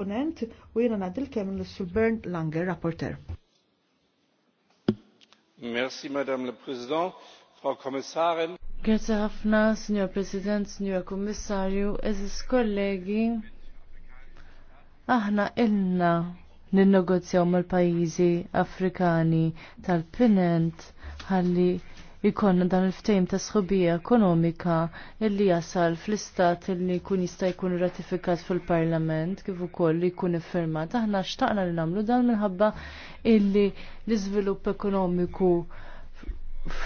Ponent u jena nadil kem l sulbern Langer, rapporter. Merci, Madame le Président, Frau Kommissarin. Grazie ħafna, Signor President, Signor Kommissarju, eżis kollegi. Aħna illna ilna negozjaw mal pajizi Afrikani tal-Pinent għalli ikonna dan il-ftejm ta' sħobija ekonomika illi jasal fl-istat illi kun jista' jkun ratifikat fil-parlament kif ukoll li jkun iffirmat. Aħna xtaqna li nagħmlu dan minħabba illi l-iżvilupp ekonomiku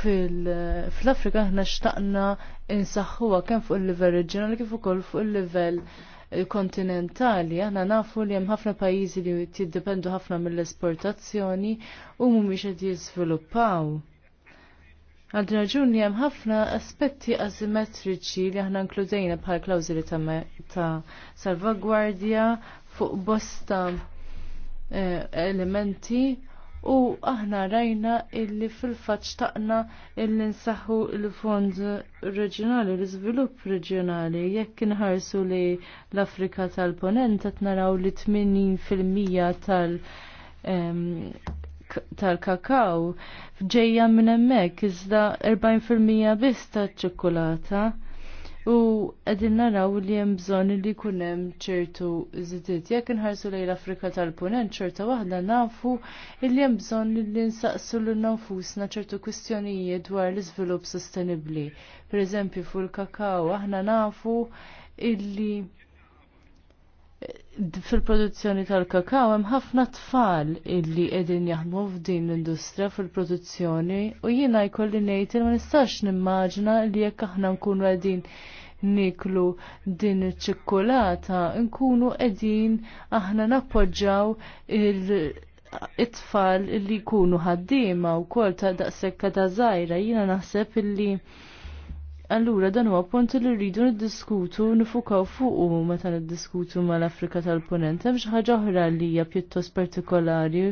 fil-Afrika aħna xtaqna insaħħuha kemm fuq il-livell reġjonali kif ukoll fuq il-livell kontinentali. Aħna nafu li hemm ħafna pajjiżi li jiddependu ħafna mill-esportazzjoni u mhumiex qed jiżviluppaw. Għal din raġuni hemm ħafna aspetti asimetriċi li aħna nkludejna bħal klawżili ta' salvagwardja fuq bosta eh, elementi u aħna rajna illi fil-faċ taqna illi nsaħu l-fond reġjonali, l-izvilupp reġjonali, jekk inħarsu li l-Afrika tal-Ponent qed naraw li 80% tal- tal-kakaw ġejja minn hemmhekk iżda 40% biss taċ-ċokolata. U għedin naraw li jem bżon li kunem ċertu zidiet. Jek nħarsu l Afrika tal-Punent ċerta wahda nafu li jem bżon li nsaqsu lil nafusna ċertu kwistjonijiet dwar l-izvilup sostenibli. Per eżempju, fu l-kakao, aħna nafu illi fil-produzzjoni tal-kakao hemm ħafna tfal illi qegħdin jaħdmu f'din l-industrija fil-produzzjoni u jiena jkolli ngħid ma nistax nimmaġina li jekk aħna nkunu qegħdin niklu din iċ-ċikkulata nkunu qegħdin aħna nappoġġaw it-tfal li jkunu ħaddiema wkoll ta' daqsekka ta' żgħira jiena naħseb illi Allura dan huwa punt li rridu niddiskutu nifukaw fuqu meta niddiskutu mal-Afrika tal-Ponent. Hemm xi ħaġa oħra li hija pjuttost partikolari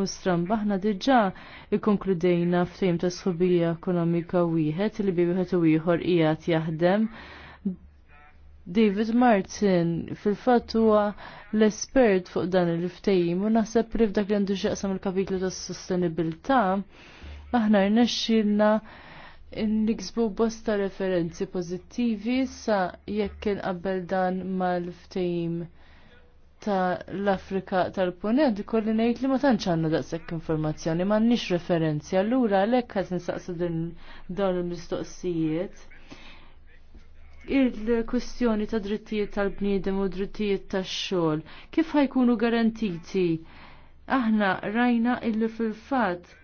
u stramba aħna diġà ikkonkludejna ftejm ta' sħubija ekonomika wieħed li bi wieħed u ieħor qiegħed jaħdem. David Martin fil-fatt huwa l-espert fuq dan il-ftehim u naħseb li f'dak li għandu x'jaqsam il-kapitlu tas-sostenibilità aħna rnexxilna niksbu bosta referenzi pozittivi sa jekk qabel dan mal ftejim ta' l-Afrika tal punent kolli ngħid li ma tantx għandna daqshekk informazzjoni, m'għandniex referenzi, allura għalhekk qed nistaqsu dawn il-mistoqsijiet. Il-kwestjoni ta' drittijiet tal-bniedem u drittijiet tax-xogħol, kif ħajkunu garantiti? Aħna rajna illi fil fat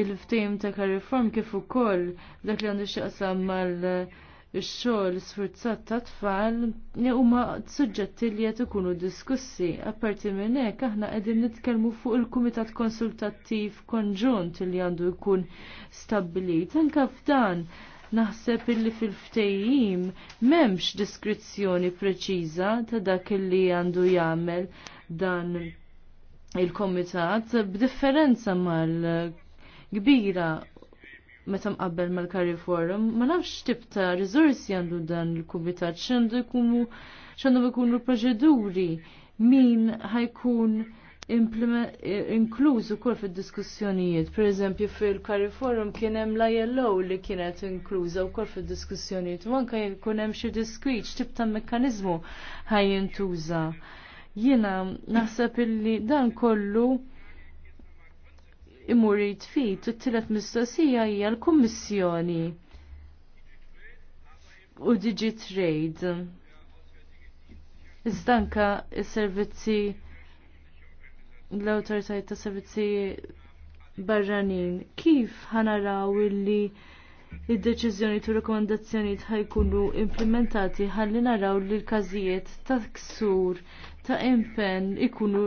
il-ftim ta' kariform kif ukoll dak li għandu xaqsam mal- ix-xogħol sfurzat ta' tfal huma suġġetti li qed ikunu diskussi. Apparti minn hekk aħna qegħdin nitkellmu fuq il-Kumitat Konsultattiv Konġunt li għandu jkun stabbilit. Anke f'dan naħseb illi fil-ftejjim m'hemmx diskrizzjoni preċiża ta' dak li għandu jagħmel dan il-komitat b'differenza mal kbira meta mqabbel mal-Kari Forum, ma nafx tip ta' rizorsi għandu dan il-kumitat, x'għandu jkunu xandu jkunu proċeduri, min ħajkun inkluzu kol fid-diskussjonijiet. Pereżempju fil-Kari Forum kien hemm la li kienet inkluża wkoll fid-diskussjonijiet, u anke jkun hemm xi diskwiċ tip ta' mekkaniżmu ħajjintuża. Jiena naħseb illi dan kollu imur jitfit u t-tilet mistoqsija hija l-Kummissjoni u Iżda Iżdanka s-servizzi l awtoritajiet ta' servizzi barranin kif ħanaraw illi id-deċiżjoni tu rekomendazzjoni ħajkunu implementati ħalli naraw li l-każijiet ta' ksur ta' impenn ikunu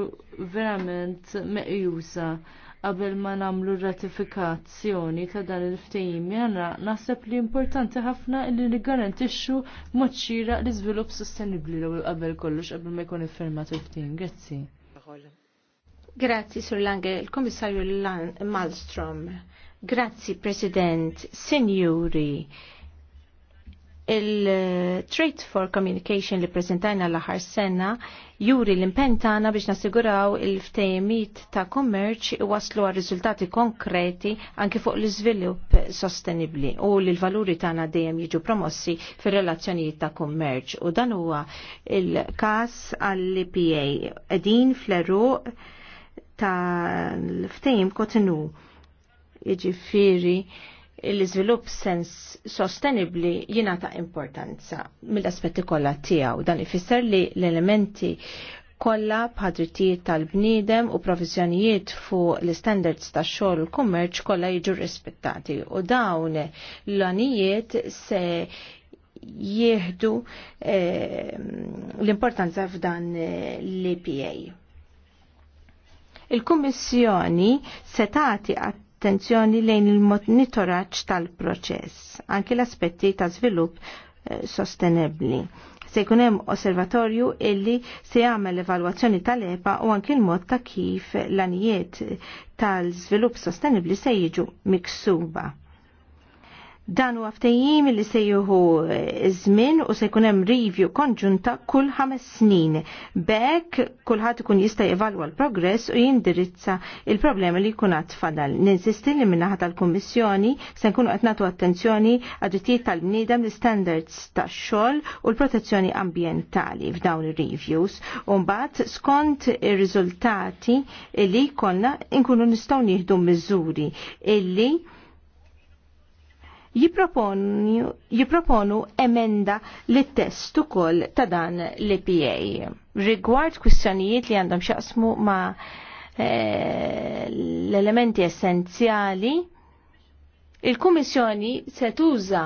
verament meqjusa qabel ma namlu ratifikazzjoni ta' dan il-ftehim jana naħseb li importanti ħafna li nigarantixxu mod xira li żvilupp sostenibbli l qabel kollox qabel ma jkun iffirmat il-ftehim. Grazzi. Grazzi, Sur Lange, il kommissarju Malmstrom. Grazzi, President, Sinjuri. Il-Trade for Communication li prezentajna l-aħar sena juri l-impentana biex nasiguraw il-ftejmit ta' kommerċ waslu għal riżultati konkreti anki fuq l-iżvilupp sostenibli u li l-valuri tagħna dejjem jiġu promossi fir-relazzjonijiet ta' kommerċ u dan huwa il-każ għall-IPA qegħdin fleru ta' l ftejm kotinu iġifiri l-iżvilupp sens sostenibli jina ta' importanza mill-aspetti kollha tiegħu. Dan ifisser li l-elementi kollha bħadrittijiet tal-bniedem u provizjonijiet fuq l-standards ta' xogħol kummerċ kollha jiġu rispettati u dawn l-anijiet se jieħdu eh, l-importanza f'dan l-EPA. Il-Kummissjoni se tagħti attenzjoni lejn il-monitoraġġ tal-proċess, anki l-aspetti ta' żvilupp eh, sostenibli. Se jkun hemm osservatorju illi se jagħmel evalwazzjoni tal-EPA u anki l-mod ta' kif l-anijiet tal-żvilupp sostenibli se jiġu miksuba. Dan huwa għaftajim li se jieħu żmien u se jkun hemm review konġunta kull ħames snin. Bekk kulħadd ikun jista' jevalwa l-progress u jindirizza il-problemi li jkun fadal. Ninsisti li minnaħa tal-Kummissjoni se nkunu qed nagħtu attenzjoni għad-drittijiet tal-bniedem l-standards tax-xogħol u l-protezzjoni ambjentali f'dawn ir-reviews. U mbagħad skont ir-riżultati li jkollna nkunu nistgħu nieħdu miżuri illi jiproponu emenda li test ukoll ta' dan l pa rigward kwistjonijiet li għandhom xaqsmu ma' eh, l-elementi essenzjali il-Kummissjoni se tuża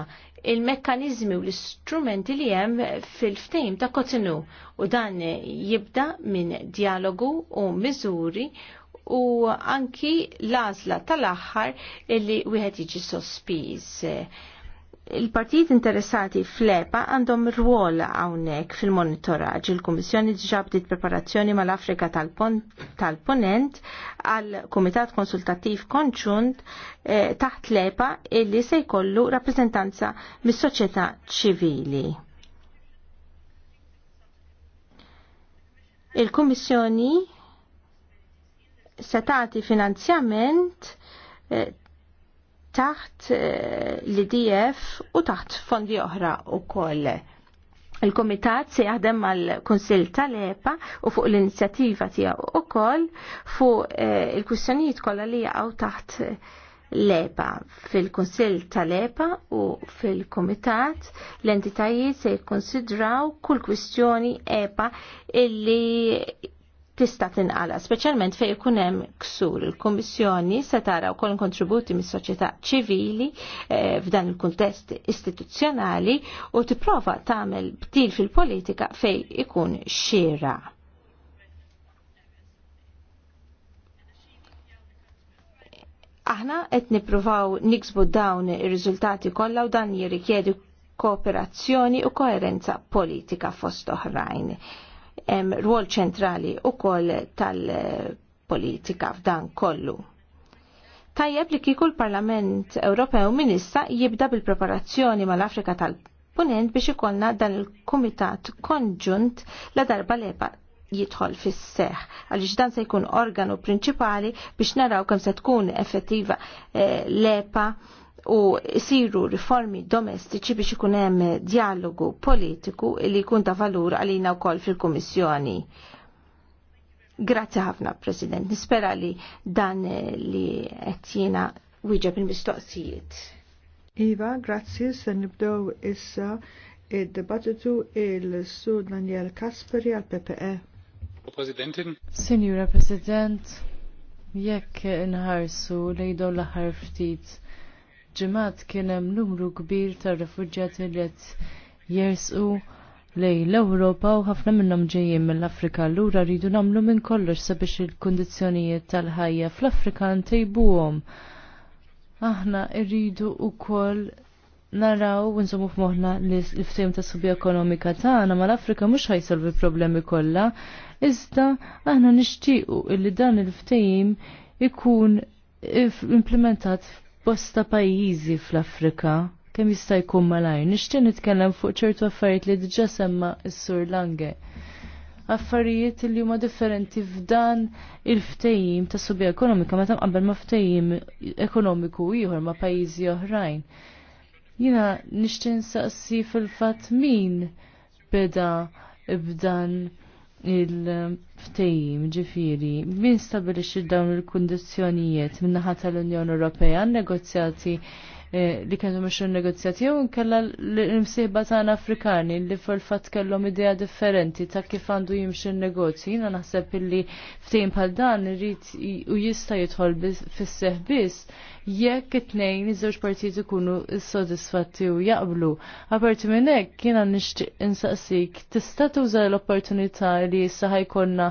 il-mekkanizmi u l-istrumenti li hemm fil-ftejm ta' Kotinu u dan jibda minn dialogu u miżuri u anki l tal-aħħar illi wieħed jiġi sospiż. Il-partijiet interessati fl-EPA għandhom rwol hawnhekk fil monitoraġ Il-Kummissjoni diġà bdiet preparazzjoni mal-Afrika tal-Ponent għal Kumitat Konsultattiv Konċunt eh, taħt l-EPA illi se jkollu rappreżentanza mis-soċjetà ċivili. Il-Kummissjoni setati finanzjament eh, taħt eh, l-IDF u taħt fondi oħra u koll. Il-Komitat se jaħdem mal kunsill tal-EPA u fuq l-inizjattiva tiegħu ukoll fuq eh, il-kwistjonijiet kollha li jaqgħu taħt l-EPA fil-Kunsill tal-EPA u fil-Komitat l-entitajiet se jikkonsidraw kull kwistjoni EPA illi tista' tinqala, speċjalment fejn ikun hemm ksur. Il-Kummissjoni se tara wkoll kontributi mis-soċjetà ċivili eh, f'dan il-kuntest istituzzjonali u tipprova tagħmel btil fil-politika fejn ikun xiera. Aħna qed nippruvaw niksbu dawn ir-riżultati kollha u dan jirrikjedi kooperazzjoni u koerenza politika fost oħrajn hemm rwol ċentrali wkoll tal-politika f'dan kollu. Tajjeb li kieku l-Parlament Ewropew minissa jibda bil-preparazzjoni mal-Afrika tal-Punent biex ikollna dan il-Kumitat Konġunt la darba lepa jidħol fis seħħ għaliex dan se jkun organu prinċipali biex naraw kemm se tkun effettiva eh, lepa u siru riformi domestiċi biex ikun hemm dialogu politiku li jkun ta' valur għalina wkoll fil-Kummissjoni. Grazzi ħafna, President. Nispera li dan li qed jiena wieġeb il-mistoqsijiet. Iva, grazzi, se nibdew issa id debattitu il-Sur Daniel Kasperi għal PPE. Signora President, jekk inħarsu lejdu l-ħar ftit ġemat kien hemm numru kbir ta' refuġjati li qed jersqu lej l-Ewropa u ħafna minnhom ġejjin mill-Afrika allura rridu nagħmlu minn kollox sabiex il-kundizzjonijiet tal-ħajja fl-Afrika ntejbuhom. Aħna rridu wkoll naraw u nżomu f'moħħna li l-ftehim ta' subja ekonomika tagħna mal-Afrika mhux ħajsolvi problemi kollha, iżda aħna nixtiequ illi dan il-ftehim ikun implementat bosta pajjiżi fl-Afrika kemm jista' jkun malaj, Nixtieq nitkellem fuq ċertu affarijiet li diġà semma s-Sur Lange affarijiet li huma differenti f'dan il-ftejjim ta' subja ekonomika meta qabel ma' ftejjim ekonomiku ieħor ma' pajjiżi oħrajn. Jina nixtieq nsaqsi fil-fatt min beda b'dan il-ftejim ġifiri min stabilixi dawn il-kondizjonijiet minnaħat tal-Unjoni Ewropea negozjati Eh, li kienu mxu negozjati jew nkella l-imsieba tagħna Afrikani li fil-fatt kellhom idea differenti ta' kif għandu jimxi n negozji Jiena naħseb illi ftejn bħal dan irid u jista' jidħol fis-seħ biss jekk it-tnejn iż-żewġ partijiet ikunu s-sodisfatti u jaqblu. Aparti minn hekk jiena nixtieq insaqsik tista' tuża l-opportunità li issa ħajkonna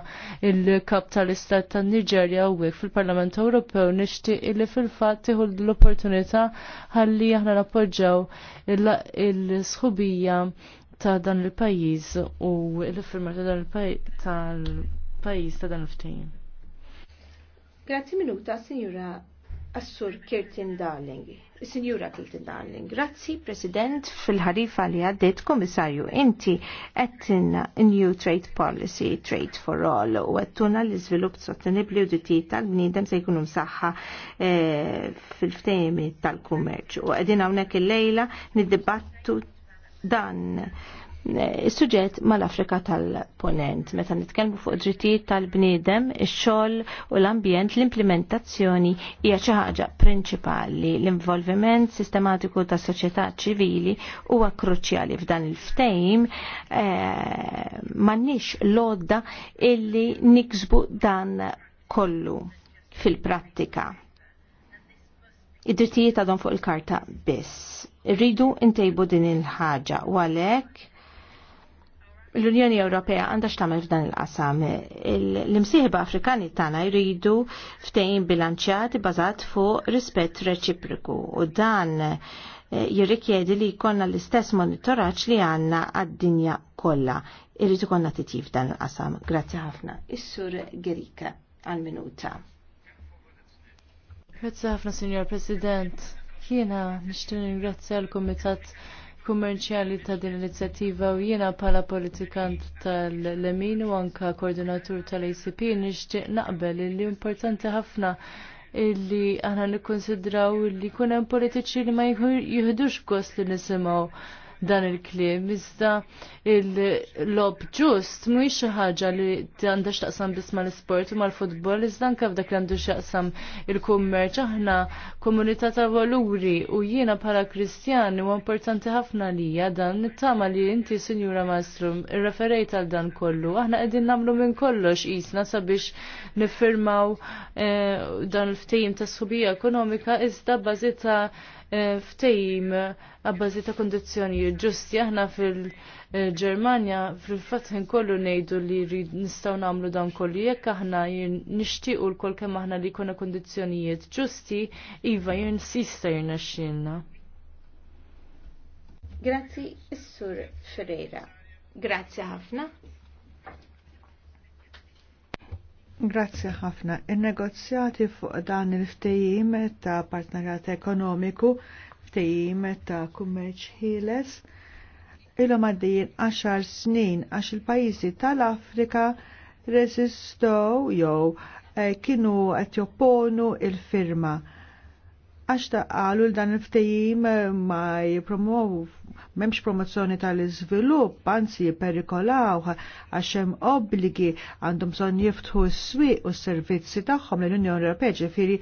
il-kap tal-istat tan-Niġerja uwek fil-Parlament Ewropew nixtieq li fil-fatt tieħu l-opportunità ħalli aħna nappoġġaw il-sħubija ta' dan il-pajjiż u l-firma ta' dan il-pajjiż ta' dan il-ftehim. Grazzi minuta, Signora Assur Kirtin Darling, Signora Kirtin Darling, grazzi President fil-ħarifa li għaddit komissarju, inti għettin New Trade Policy, Trade for All, u għettuna l-izvilup sostenibli u ditti tal-bnidem se jkunu msaħħa eh, fil-ftejmi tal-kummerċ. U għedina unek il-lejla nid dan Is-suġġett eh, mal-Afrika tal-Ponent, meta nitkellmu fuq drittijiet tal-bniedem, ix-xogħol u l-ambjent, l-implementazzjoni hija xi ħaġa prinċipali. L-involviment sistematiku tas soċjetà ċivili huwa kruċjali f'dan il-ftejm eh, m'għandniex lodda illi niksbu dan kollu fil-prattika. Id-drittijiet għadhom fuq il-karta biss. Irridu ntejbu din il-ħaġa u għalhekk l-Unjoni Ewropea għandha x'tagħmel f'dan il-qasam. L-imsieħba Afrikani tagħna jridu ftehim bilanċjat bażat fuq rispett reċipriku u dan eh, jirrikjedi li jkollna l-istess monitoraġġ li għandna għad-dinja kollha. Irrid ikollna titjib dan il-qasam. Grazzi ħafna. Is-Sur Gerika għal-minuta. Grazzi ħafna, Sinjor President. Jiena nixtieq ringrazzja l-Kumitat kummerċjali ta' din l-inizjattiva u jiena bħala politikant tal-Lemin u anka koordinatur tal-ACP nixtieq naqbel li importanti ħafna illi aħna nikkonsidraw li kunem hemm politiċi li ma jieħdux gost li nisimgħu dan il-kliem, iżda il-lob ġust mhuwiex xi ħaġa li għandha x'taqsam biss mal-isport u mal-futbol, iżda anke f'dak li għandu x'taqsam il-kummerċ aħna komunità ta' valuri u jiena bħala Kristjani huwa importanti ħafna lija dan nittama li inti Sinjura Mastrum irreferejt għal dan kollu. Aħna qegħdin nagħmlu minn kollox qisna sabiex niffirmaw eh, dan il-ftehim ta' subija ekonomika iżda bażita Eh, ftejim għabbażi ta' kondizjoni ġusti. Aħna fil-Ġermanja fil-fatt kollu nejdu li nistaw namlu dan kollu jekk aħna nixtiequ l-kol kemm aħna li jkollna kondizjonijiet ġusti, iva jinsista jirnaxxilna. Grazzi, Sur Ferreira. Grazzi ħafna. Grazzi ħafna. Il-negozjati fuq dan il-ftejim ta' partnerjat ekonomiku, ftejim ta' kummerċ ħiles, ilhom għaddejjin 10 snin għax il-pajjiżi tal-Afrika resistow jew eh, kienu qed jopponu il-firma għax taqalu l-dan il-ftejim eh, ma jipromovu, memx promozzjoni tal-izvilupp, anzi jiperikolaw, għaxem obbligi għandhom bżonn jiftħu s-swiq u s-servizzi tagħhom l-Unjoni Ewropea ġifieri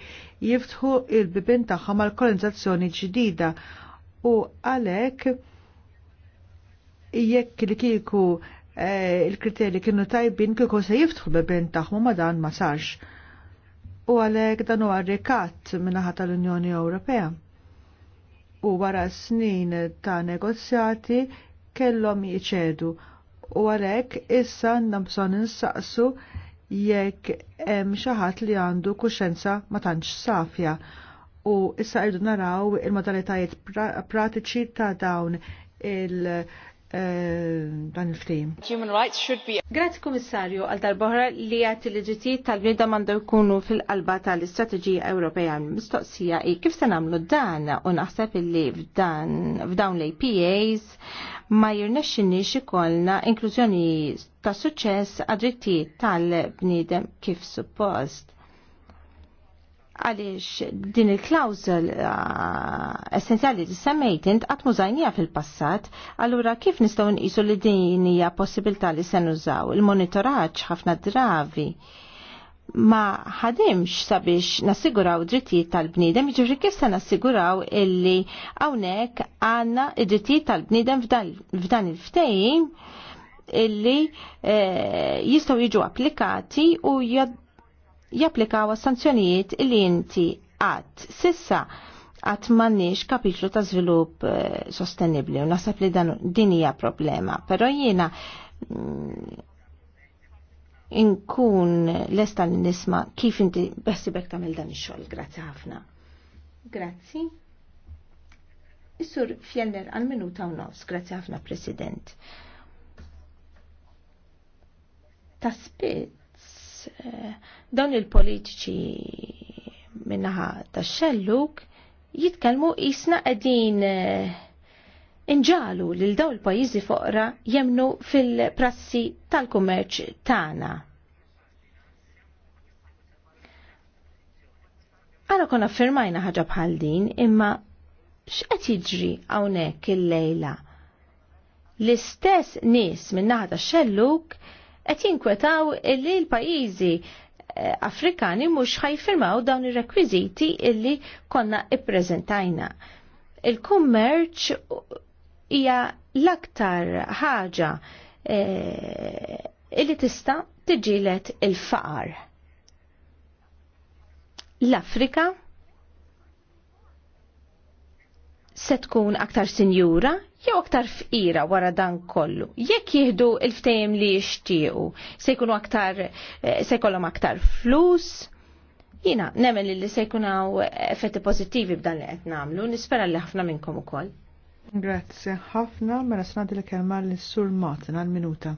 jiftħu il-bibin tagħhom għal kolonizzazzjoni ġdida. U għalek jekk li kiku eh, il-kriterji kienu tajbin kiku se jiftħu l-bibin tagħhom ma dan ma sarx u għalhekk dan huwa rikatt min-naħa tal-Unjoni Ewropea. U wara snin ta' negozjati kellhom jiċedu u għalhekk issa għandna bżonn insaqsu jekk hemm xi ħadd li għandu kuxenza ma tantx safja u issa qegħdu naraw il-modalitajiet pratiċi ta' dawn il- Eh, dan il-ftim. Human rights should be... Grazzi komissarju għal darbohra li għat il-ġitijiet tal-bnida mandu jkunu fil-qalba tal-istrateġija Ewropea mistoqsija i kif se namlu dan u naħseb li f'dawn l PAs ma jirnexxinni xikolna inklużjoni ta' suċċess għad-drittijiet tal-bnidem kif suppost għaliex din il-klawżel eh, essenzjali li semmejt int mużajnija fil-passat, allura kif nistgħu nqisu li din hija possibilità li se nużaw il-monitoraġġ ħafna dravi ma ħadimx sabiex nassiguraw drittijiet tal-bniedem, jiġifieri kif se nassiguraw illi hawnhekk għandna id-drittijiet tal-bniedem f'dan il-ftehim illi eh, jistgħu jiġu applikati u jad japplikaw sanzjonijiet li inti għat. Sissa għat mannix kapitlu ta' zvilup eh, sostenibli u nasab li dan dinija problema. Pero jiena mm, inkun lesta nisma kif inti bessibek tamil dan ix-xogħol. Grazzi ħafna. Grazzi. Isur Fjellner għal minuta u nofs, grazzi ħafna President. Ta' spit dawn il-politiċi minnaħa ta' xelluk jitkelmu jisna qegħdin eh, inġalu lil daw il-pajjiżi foqra jemnu fil-prassi tal-kummerċ tagħna. Għana kon affirmajna ħaġa bħal din imma x'qed jiġri hawnhekk il-lejla. L-istess nies min-naħa ta' xelluk qed jinkwetaw illi l-pajjiżi eh, Afrikani mhux ħajfirmaw dawn ir-rekwiżiti illi konna ippreżentajna. Il-kummerċ hija l-aktar ħaġa eh, illi tista' tiġilet il-faqar. L-Afrika se tkun aktar sinjura jew aktar fqira wara dan kollu. Jekk jieħdu il-ftejjem li jixtiequ, se jkunu aktar eh, se jkollhom aktar flus, jina nemmen li se jkunaw effetti pożittivi b'dan li qed nagħmlu, nispera li ħafna minnkom ukoll. Grazzi ħafna, mela snadi li kelma l-Sur Martin għal-minuta.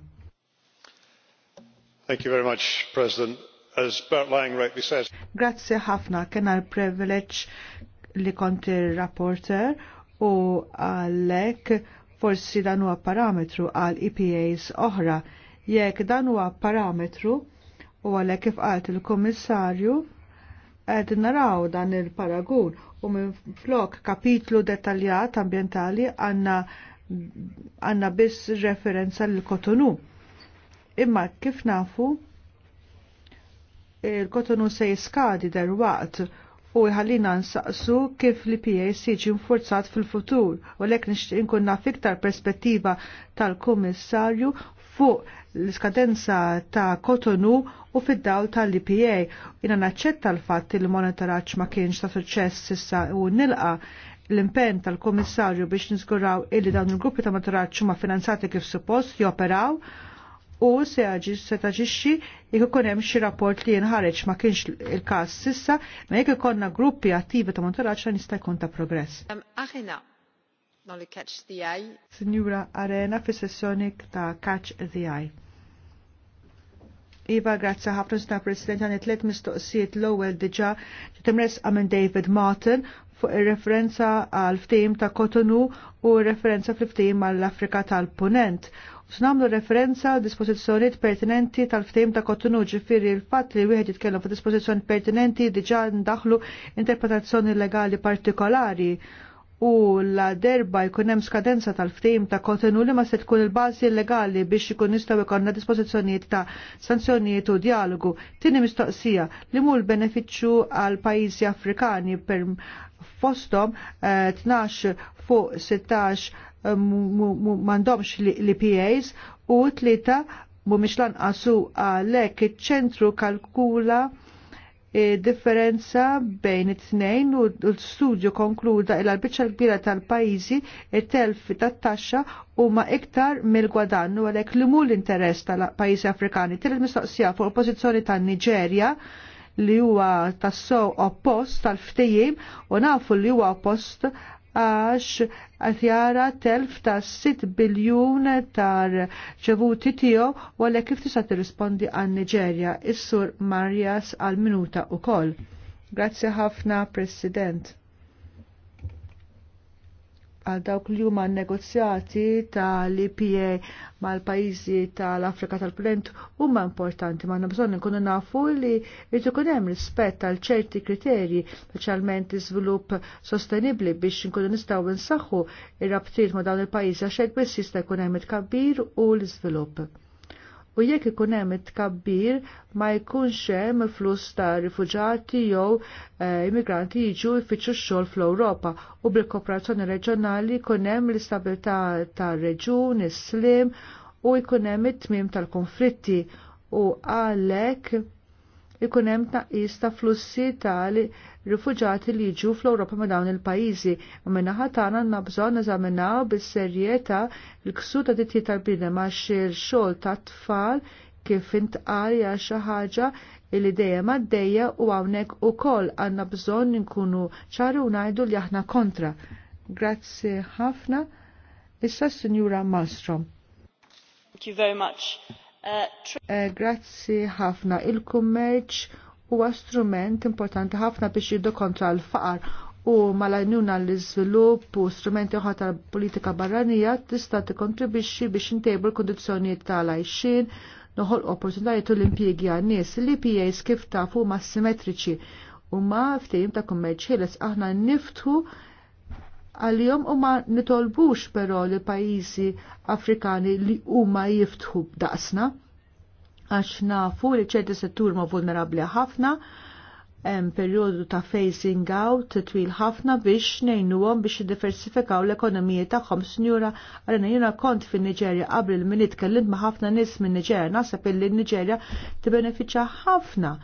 Thank you very much, President. As Bert Lang rightly says. Grazzi ħafna, kena l-privileġġ li konti rapporter u għalhekk forsi dan huwa parametru għal EPAs oħra. Jekk dan huwa parametru u għalhekk kif qalt il-Kummissarju qed naraw dan il-paragun u minn flok kapitlu dettaljat ambjentali għandna għanna biss referenza l-kotonu. Imma kif nafu, il-kotonu se jiskadi derwaqt u jħallina nsaqsu kif li PAC ġi mfurzat fil-futur u lek nkun naf iktar perspettiva tal-Kummissarju fuq l-iskadenza ta' Kotonu u fid-dawl tal-IPA. Jina naċċetta l-fatt li monitoraġġ ma kienx ta' suċċess s'issa u nilqa l-impenn tal-Komissarju biex nizguraw illi dawn il-gruppi ta' maturaċ ma' finanzati kif suppost joperaw u se taġixxi jekk jek konem xie rapport li jenħareċ ma kienx il kas sissa, ma jek konna gruppi attivi ta' monitoraġġ nista' jkun ta' progress. Um, Aħina non li catch the eye. Signora Arena fi sessjoni ta' Catch the Eye. Iva, grazie ħafna sna President għanet let mistoqsijiet l ewel diġa, timres minn David Martin fuq ir-referenza għal ftehim ta' Kotonu u referenza fil-ftehim għall afrika tal-Punent. Snamlu referenza dispożizzjonijiet pertinenti tal-ftehim ta' Kotonu ġifiri l-fatt li wieħed jitkellem fuq dispożizzjoni pertinenti diġà ndaħlu interpretazzjoni legali partikolari u la derba jkun hemm skadenza tal-ftehim ta' Kotonu li ma se tkun il-bażi legali biex ikun jistgħu jkollna dispożizzjonijiet ta' sanzjonijiet u dialogu. Tieni mistoqsija li mhu l-benefiċċju għal pajjiżi Afrikani per fostom 12 eh, fuq 16 eh, mandomx li PAs u tlita mumiex lanqasu għalek iċ-ċentru kalkula eh, differenza bejn it-tnejn u l-studju konkluda il l kbira tal-pajizi it-telf tat-taxxa huma iktar mill-gwadannu għalhekk li mhu l-interess tal-pajjiżi Afrikani. Tiel mistoqsija fuq il-pożizzjoni tan-Niġerja li huwa tasso oppost tal ftejim u nafu li huwa oppost għax għatjara telf ta' 6 biljun ta' ċevuti tiegħu u għalhekk kif tista' tirrispondi għan Niġerja is-sur Marjas għal minuta u koll. Grazzi ħafna, President għal dawk li huma negozjati tal-IPA mal-pajjiżi tal-Afrika tal-Punent huma importanti ma bżonn nkunu nafu li jrid ikun hemm rispett għal ċerti kriterji, speċjalment iżvilupp sostenibbli biex nkunu nistgħu nsaħħu ir-rabtiet ma' dawn il-pajjiżi għax hekk biss jista' jkun hemm it-kabbir u l-iżvilupp u jekk ikun hemm it-tkabbir ma jkunx hemm flus ta' rifuġati jew eh, immigranti jiġu jfittxu x-xogħol fl-Ewropa u bil-kooperazzjoni reġjonali jkun hemm l-istabilità tar-reġun, is-slim u jkun hemm it-tmiem tal-konflitti u għalhekk ikun hemm tnaqqis ta' flussi tal rifuġati li jiġu fl-Ewropa ma' dawn il-pajjiżi u minnaħa tagħna għandna bżonn eżaminaw bis-serjetà l ksuta ditti tal-bniedem għax il-xogħol tat-tfal kif intqal għal xi ħaġa li dejjem għaddejja u hawnhekk ukoll għandna bżonn inkunu ċari u ngħidu li aħna kontra. Grazzi ħafna. Issa Sinjura Malmstrom. Thank you very much. Eh, grazzi ħafna. Il-kummerċ huwa strument importanti ħafna biex jiddu kontra l-faqar u mal-għajnuna l izvilup u strumenti oħra tal-politika barranija tista' tikkontribixxi biex intejbu l-kondizzjonijiet tal-għajxin, noħol opportunitajiet u l-impjiegi għan-nies. L-IPAs kif tafu ma simmetriċi u ma ftejim ta' kummerċ ħieles aħna niftu għal-jom u ma nitolbux però li pajjiżi Afrikani li huma jiftħu b'daqsna għax nafu li ċerti settur ma vulnerabli ħafna hemm perjodu ta' phasing out twil ħafna biex ngħinuhom biex jiddiversifikaw l-ekonomija tagħhom. snjura għalina jiena kont fin-Niġerja qabel il-minit kellimt ma' ħafna nies min-Niġerja naħseb illi n-Niġerja tibbenefiċċja ħafna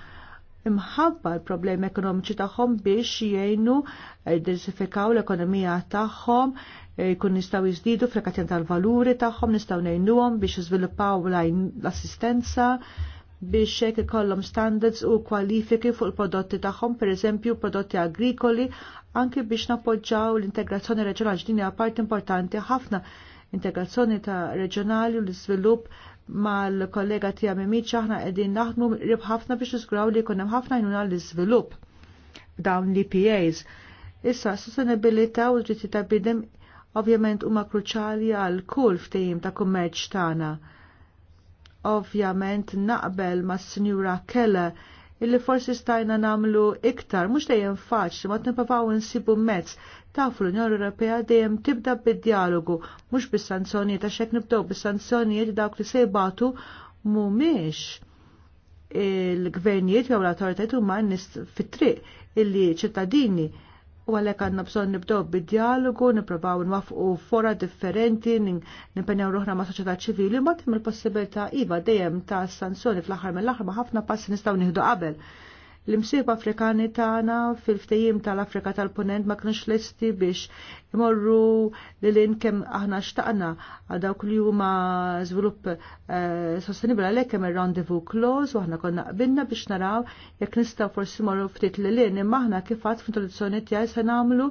imħabba l-problemi ekonomiċi tagħhom biex jgħinu eh, diversifikaw l-ekonomija tagħhom, eh, jkun nistaw jizdidu frekatjen tal-valuri tagħhom, nistgħu ngħinuhom biex jiżviluppaw l-assistenza biex hekk ikollhom standards u kwalifiki fuq il-prodotti tagħhom, pereżempju prodotti agrikoli, anke biex nappoġġaw l-integrazzjoni reġjonali ġdini part importanti ħafna integrazzjoni ta' reġjonali u l-iżvilupp mal-kollega tija Mimiċ aħna qegħdin naħdmu ħafna biex nisgraw li jkun hemm ħafna jnuna l-iżvilupp dawn l-EPAs. Issa, sostenibilità u ġitti ta' bidem ovvjament huma kruċali għal kull ftehim ta' kummerċ tagħna. Ovvjament naqbel mas-Sinjura Keller illi forsi stajna namlu iktar, mux dejjem faċli, ma t-nipapaw nsibu mezz. Tafu l-Unjoni Ewropea dejjem tibda bid-dialogu, mux bis-sanzjonijiet, għax hekk nibdow bis-sanzjonijiet dawk li se jibatu mumiex il-gvernijiet jew l-autoritajiet huma nis fit-triq illi ċittadini u għalhekk għandna bżonn nibdow bid-dialogu, nipprovaw nwafqu fora differenti, nipenjaw ruħna ma' soċieta ċivili, ma' tim il-possibilità iva dejjem ta' sanzjoni fl-aħħar mill-aħħar ma' ħafna passi nistgħu nieħdu qabel L-imsieb Afrikani tagħna fil ftejim tal-Afrika tal-Punent ma kienx lesti biex imorru l-lin kemm aħna xtaqna għal dawk li huma żvilupp eh, sostenibla għalhekk hemm ir-rendezvous close u aħna konna qbinna biex naraw jekk nistgħu forsi morru ftit l-lin imma aħna kif għad f'introduzzjoni tiegħi se nagħmlu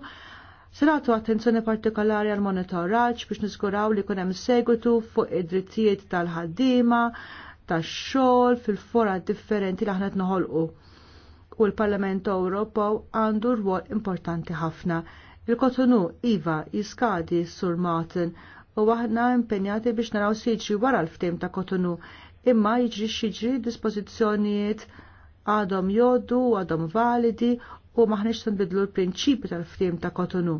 Senatu attenzjoni partikolari għal monitoraġġ biex niskuraw li kunem segwitu fuq id-drittijiet tal-ħaddima, tax-xogħol fil-fora differenti li aħna noħolqu u l-Parlament Ewropew għandu rwol importanti ħafna. Il-Kotonu Iva jiskadi Sur Martin u aħna impenjati biex naraw siġri wara l-ftim ta' Kotonu imma jiġri xiġri dispożizzjonijiet għadhom jodu, għadhom validi u maħniex tanbidlu l-prinċipi tal-ftim ta' Kotonu.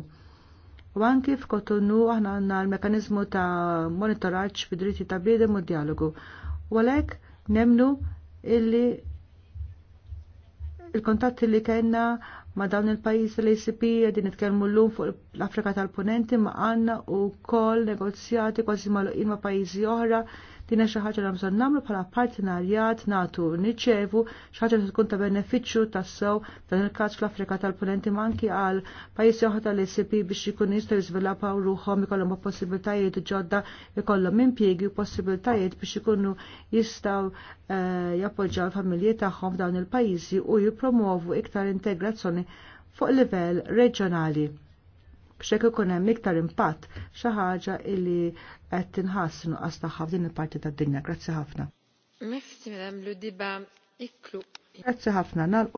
U anki f'Kotonu aħna għandna l-mekanizmu ta' monitoraġġ fid-dritti ta' bidem u dialogu. U għalhekk nemnu illi il-kontatti li kellna ma dawn il-pajjiżi li ACP qegħdin nitkellmu llum fuq l-Afrika tal-Punenti ma għandna wkoll negozjati kważi magħluqin ma' pajjiżi oħra din xi ħaġa li bżonn nagħmlu bħala partenarjat nagħtu niċċevu xi ħaġa li tkun ta' benefiċċju tassew dan il-każ fl-Afrika tal-Punenti ma anki għal pajjiżi oħra tal-ACP biex ikun jistgħu jiżviluppaw ruħhom ikollhom possibiltajiet ġodda ikollhom impjiegi u possibiltajiet biex ikunu jistgħu eh, jappoġġjaw il-familji tagħhom f'dawn il-pajjiżi u jippromovu iktar integrazzjoni fuq livell reġjonali b'xek ikun hemm iktar impatt xi ħaġa illi qed tinħass nuqqas tagħha f'din il-parti tad-dinja. Grazzi ħafna. Merci, madame, le débat est clos. Grazzi ħafna.